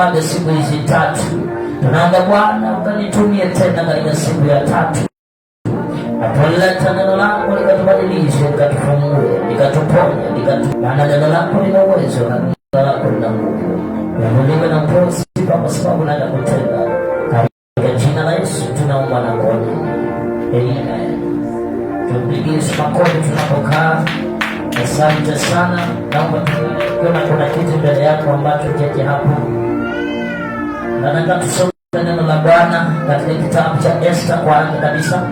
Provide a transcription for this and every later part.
tupande siku hizi tatu, Tunaomba Bwana ukanitumie tena katika siku ya tatu, napolileta neno lako likatubadilishe, likatufungue, likatuponya, likatulana. Neno lako lina uwezo, neno lako lina nguvu, navuliwe na posipa kwa sababu nada kutenda katika jina la Yesu tunaomba na kuona. Amen. Tumpigie Yesu makofi tunapokaa. Asante sana, naomba tukiona kuna kitu mbele yako ambacho kiaje hapo na nataka tusome neno la Bwana katika kitabu cha Esta kwa haraka kabisa.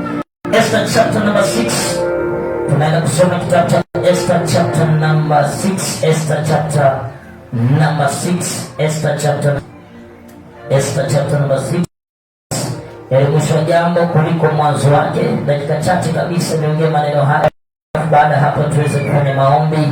Esta chapter number 6, tunaenda kusoma kitabu cha Esta chapter number 6, Esta chapter number 6, Esta chapter Esta chapter number 6. Yalimwisho jambo kuliko mwanzo wake. Dakika chache kabisa niongee maneno haya, baada hapo tuweze kufanya maombi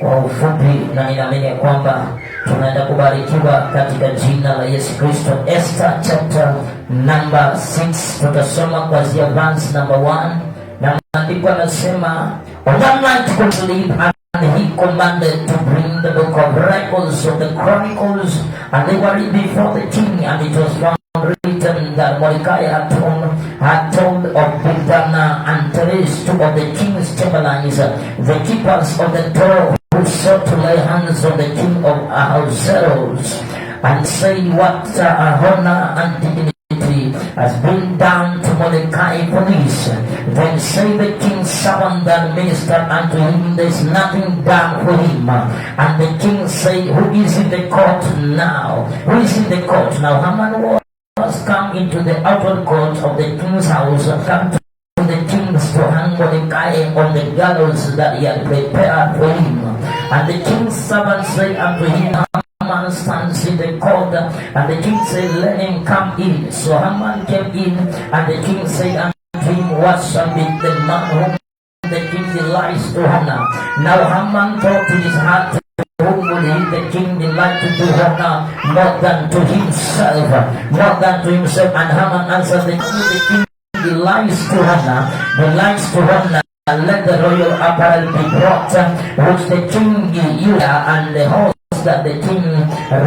kwa ufupi, na ninaamini kwamba tunaenda kubarikiwa katika jina la Yesu Kristo. Esther chapter number 6 tutasoma kuanzia verse number 1, na maandiko anasema on night sleep and he commanded to bring the book of records of the chronicles and they were read before the king and it was found written that Mordecai had told, had told of Bildana and Teres, two of the king's chamberlains, the keepers of the door which sought to lay hands on the king of Ahasuerus and say what honor and dignity has been down to Mordecai this. Then say the king's servant that minister unto him, there is nothing done for him. And the king say, Who is in the court now? Who is in the court now? Haman was come into the outer court of the king's house, come to the king's to hang Mordecai on the gallows that he had prepared for him. And the king's servant said unto him, Haman stands in the court. And the king said, Let him come in. So Haman came in, and the king said unto him, What shall be the man whom the king delights to honor? Now Haman thought in his heart, Who will he, the king delight to do honor more than to himself, more than to himself? And Haman answered, The king delights to The delights to honor and let the royal apparel be brought, uh, which the king Judah and the horse that the king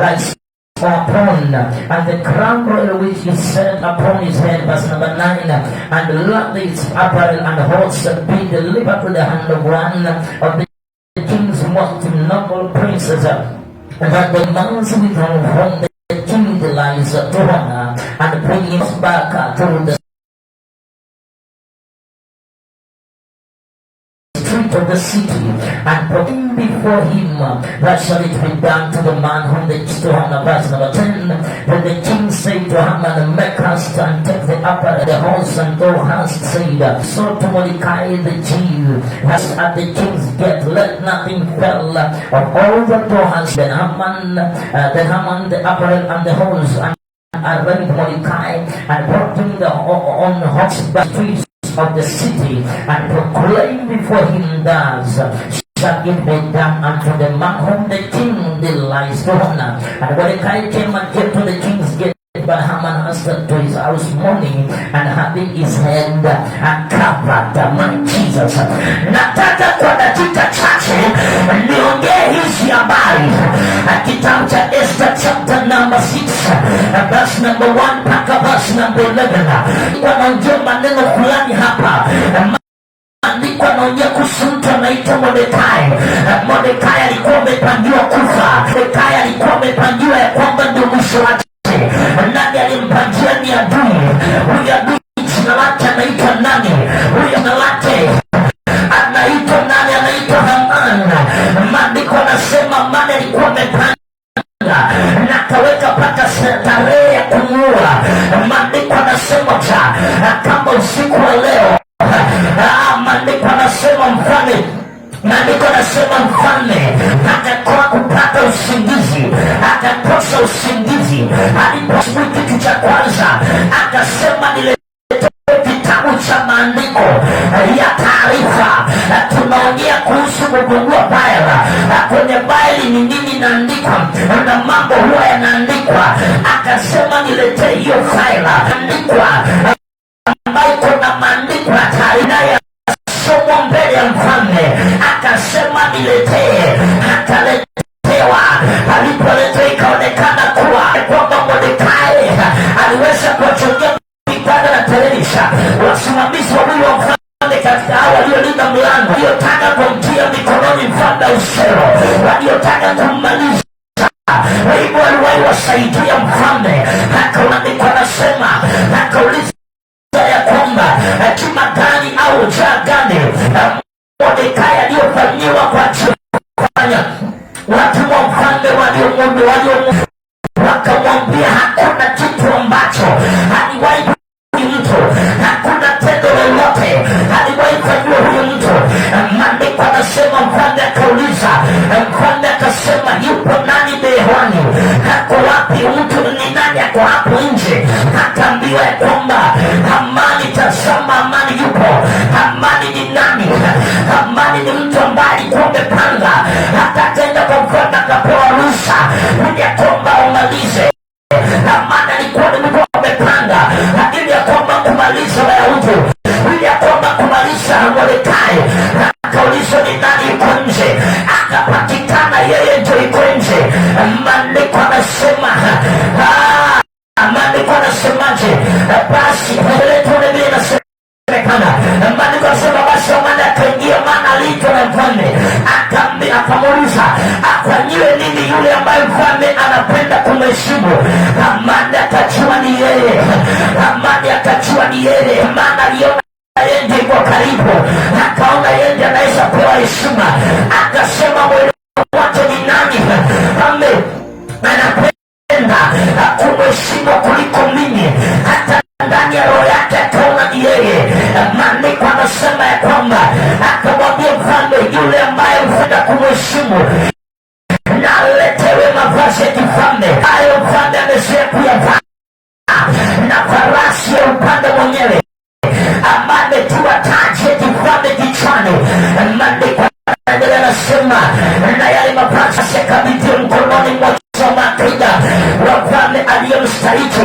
rides upon, and the crown royal which he set upon his head, verse number 9, and let this apparel and horse be delivered to the hand of one of the king's most noble princes, that the man's with whom the king delights to honor, and bring him back to the Of the city and him before him that shall it be done to the man whom they to Hannah. Verse number 10. Then the king said to Haman, Make haste and take the upper the horse and thou hast said, So to Mordecai the Jew, as at the king's gate, let nothing fall of all the thou hast. Then Haman, uh, then Haman the apparel and the horse and and went Mordecai and brought him the, on horseback streets of the city and proclaim before him that shall give them down unto the man whom the king delights to honor. And when king came and came to the king's gate, but Haman answered to his house morning and having his hand head uncovered. My Jesus, nataka kwa dakika chache niongee hizi habari. Kitabu cha Esther chapter number 6 verse number 1 mpaka verse number 11. mtu anaitwa Mordekai. Mordekai alikuwa amepangiwa kufa. Mordekai alikuwa amepangiwa ya kwamba ndio mwisho wake. Nani alimpangia? Ni adui. Huyu adui jina lake anaitwa nani? Huyu jina lake anaitwa nani? Anaitwa Haman. Maandiko anasema Haman alikuwa amepanga na kaweka mpaka tarehe ya kumuua. Maandiko anasema cha kama usiku wa leo mfalme. Maandiko nasema mfalme atakoa kupata usingizi, atakosa usingizi alipoasubuhi. Kitu cha kwanza akasema, niletee kitabu cha maandiko ya taarifa. Tunaongea kuhusu kugundua baela Kwenye baeli ni nini inaandikwa na mambo huwa yanaandikwa. Akasema niletee hiyo faila andikwa aliletea akaletewa, alipoletea ikaonekana kuwa kwamba Mordekai aliweza kuwachongea vitanda na tererisha. Wasimamizi wawili wa mfalme katika hao waliolinda mlango waliotaka kumtia mikononi mfalme Ahasuero, waliotaka kummaliza, waliwahi wasaidia mfalme, akaonekana anasema akauliza waliovaliwa kwa kufanya watu wa mfalme waliomwambia hakuna kitu ambacho aliwahi ataheshimu amani, atajua ni yeye, amani atajua ni yeye, maana aliona yeye iko karibu, akaona yende anaweza pewa heshima, akasema mwene wake ni nani ame anapenda kumheshimu kuliko mimi, hata ndani ya roho yake akaona ni yeye. Maandiko anasema ya kwamba akamwambia mfalme yule ambaye mfenda kumheshimu na aletewe mavazi ya anasema na yale mavazi yakabidhiwa mkononi mwa Makrida wa Bwana aliyemstahiki,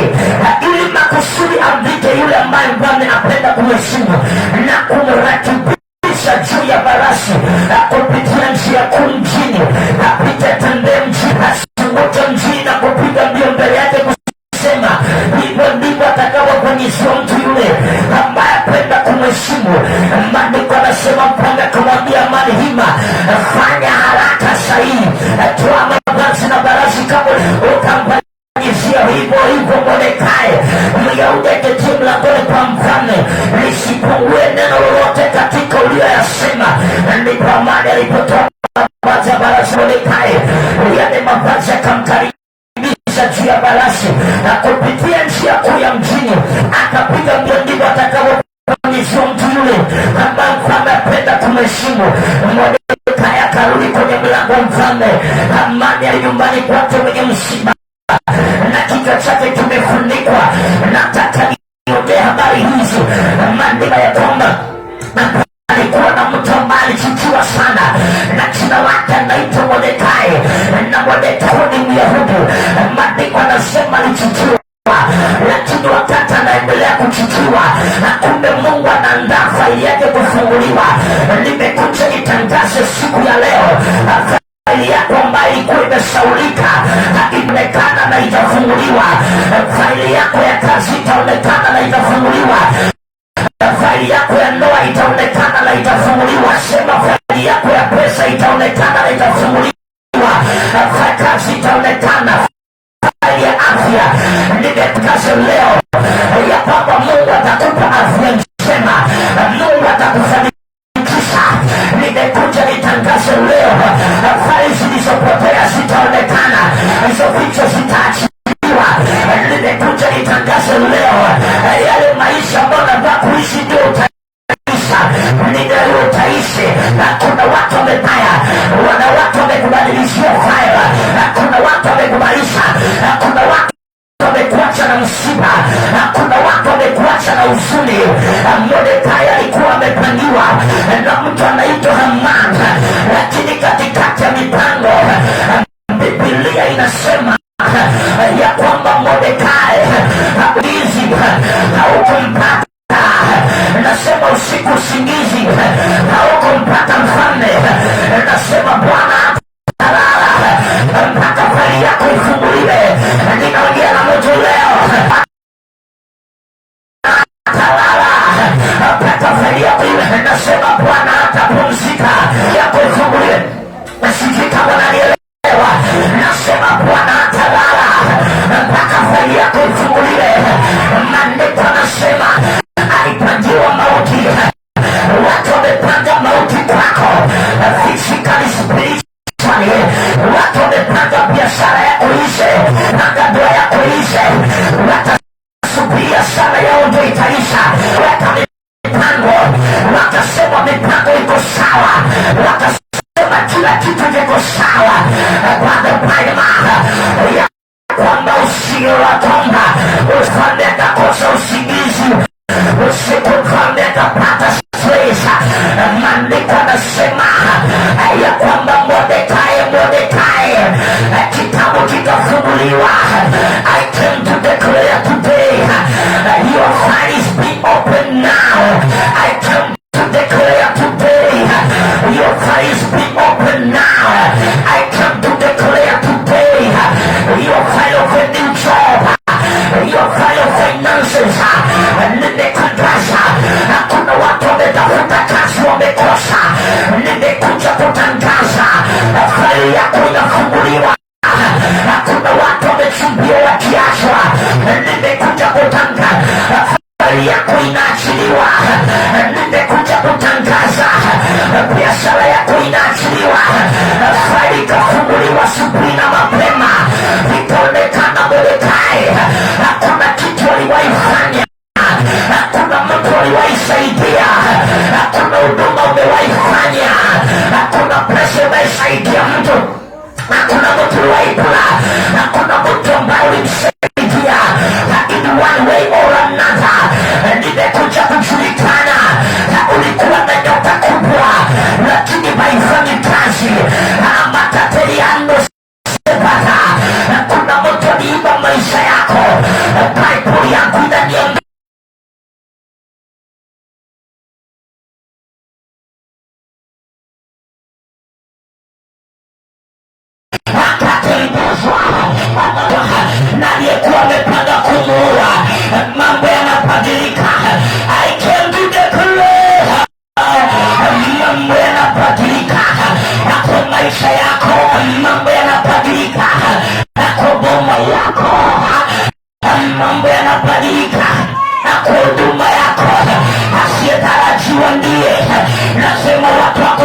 ili makusudi amvike yule ambaye Bwana apenda kumheshimu na kumratibisha juu ya barasi alipotoka mavazi ya baraza Mordekai, yale mavazi yakamkaribisha juu ya baraza na kupitia njia kuu ya mjini, akapiga mbio, ndipo atakapofanyiziwa mtu yule ambaye mfalme apenda kumheshimu. Mordekai akarudi kwenye mlango wa mfalme, amani ya nyumbani kwake mwenye msiba na kichwa chake kimefunikwa. Nataka niombee habari hizi, maandiko ya kwamba jina lake anaitwa Mordekai na Mordekai ni Myahudi. Maandiko anasema alichukiwa, lakini wakati anaendelea kuchukiwa, kumbe Mungu anaandaa faili yake kufunguliwa. Nimekuja itangaze siku ya leo faili yako ambayo ilikuwa imesaulika itaonekana na itafunguliwa. Faili yako ya kazi itaonekana na itafunguliwa. Faili yako ya ndoa itaonekana na itafunguliwa. Sema hali yako ya pesa itaonekana na itafunguliwa, kazi itaonekana, hali ya afya. Nimetangaza leo ya kwamba Mungu atakupa afya njema, Mungu atakufanikisha. Nimekuja nitangaze leo, hali zilizopotea zitaonekana, hizo vichwa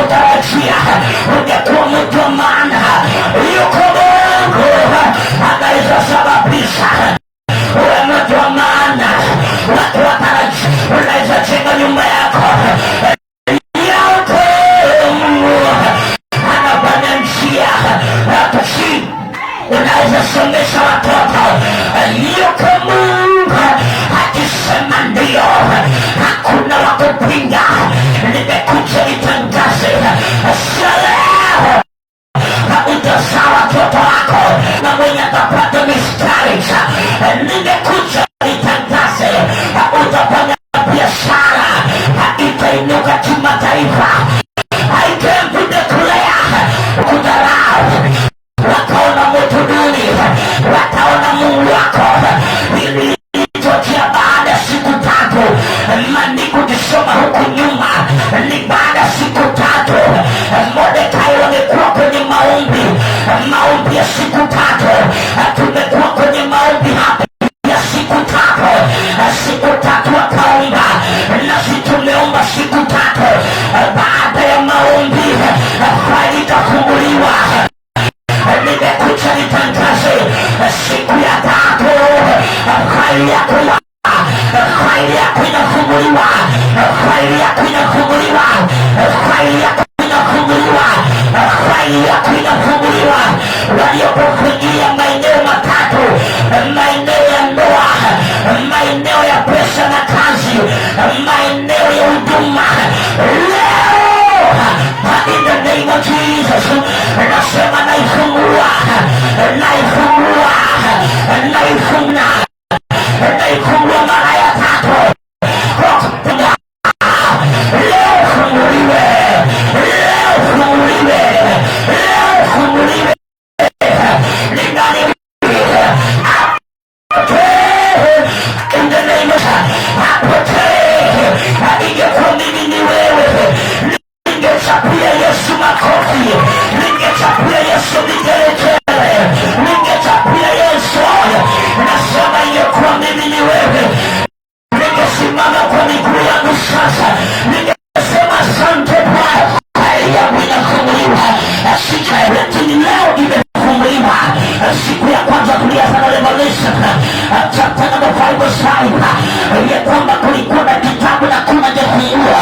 kutarajia, ungekuwa mtu wa maana. Hiyo yangu anaweza life. chapter number 5 verse 5, ya kwamba kulikuwa na kitabu na kuna jehuiwa,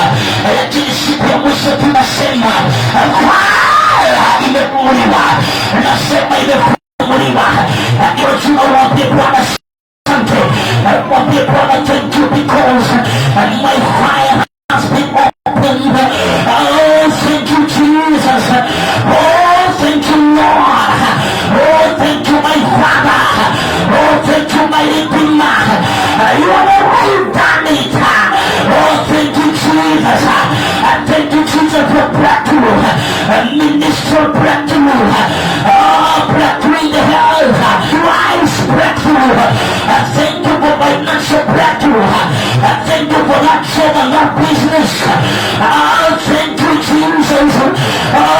lakini siku ya mwisho tunasema imefunguliwa, nasema imefunguliwa. Akiwachuma waambie Bwana asante, waambie Bwana thank you because my fire has been Minister breakthrough. Oh, breakthrough in the health. Rise breakthrough. Thank you for my financial breakthrough. Thank you for that show and that business. Oh, thank you, Jesus. Oh,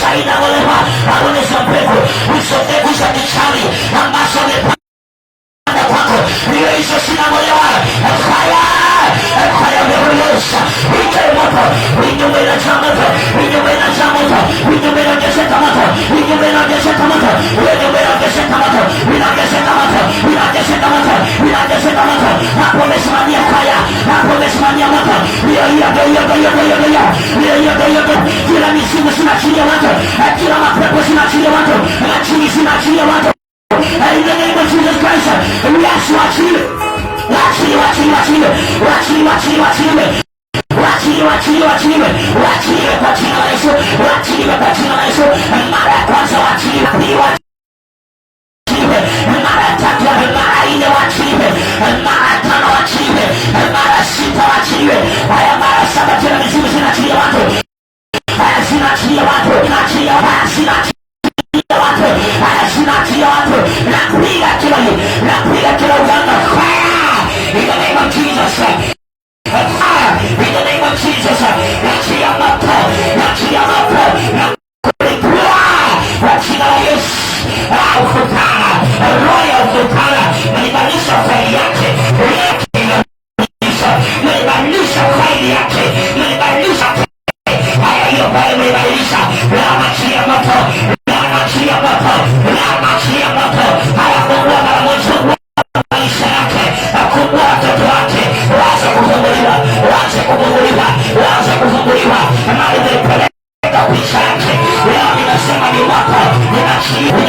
sainang'olewa agonesa pepo usotegusha kichawi ambacho amepanda kwako, hiyo hizo zinang'olewa faya faya vyagolesa ite moto inyumba inajaa moto inyumba inajaa moto inyumba inaongezeka moto inyumba inaongezeka moto inyumba inaongezeka moto inaongezeka moto inateseka moto, inateseka moto. Hapo umesimamia kwaya, hapo umesimamia moto. Hiyo hiyo hiyo hiyo hiyo hiyo hiyo hiyo hiyo hiyo. Kila misimu sinaachilia watu, kila mapepo sinaachilia watu, machini sinaachilia watu. In the name of Jesus Christ, we are swachile, wachile, wachile, wachile, wachile, wachile, wachile wachiliwe wachiliwe wachiliwe wachiliwe kwa jina la Yesu, wachiliwe kwa jina la Yesu, mara ya kwanza wachiliwe, wachiliwe mara tano wachiwe, mara sita wachiwe, haya mara saba tena mizimu zinaachilia watu, haya zinaachilia watu, zinaachilia haya zinaachilia Jesus inabadilisha faili yake, naibadilisha faili yake, naibadilisha haya, hiyo faili naibadilisha, naamachilia moto, naamachilia moto, naamachilia moto, haya kuua mara moja, kuua maisha yake, kuua watoto wake, waache kufunguliwa, waache kufunguliwa, waache kufunguliwa, mali nilipeleka kuisha yake, leo ninasema ni wako, ninashii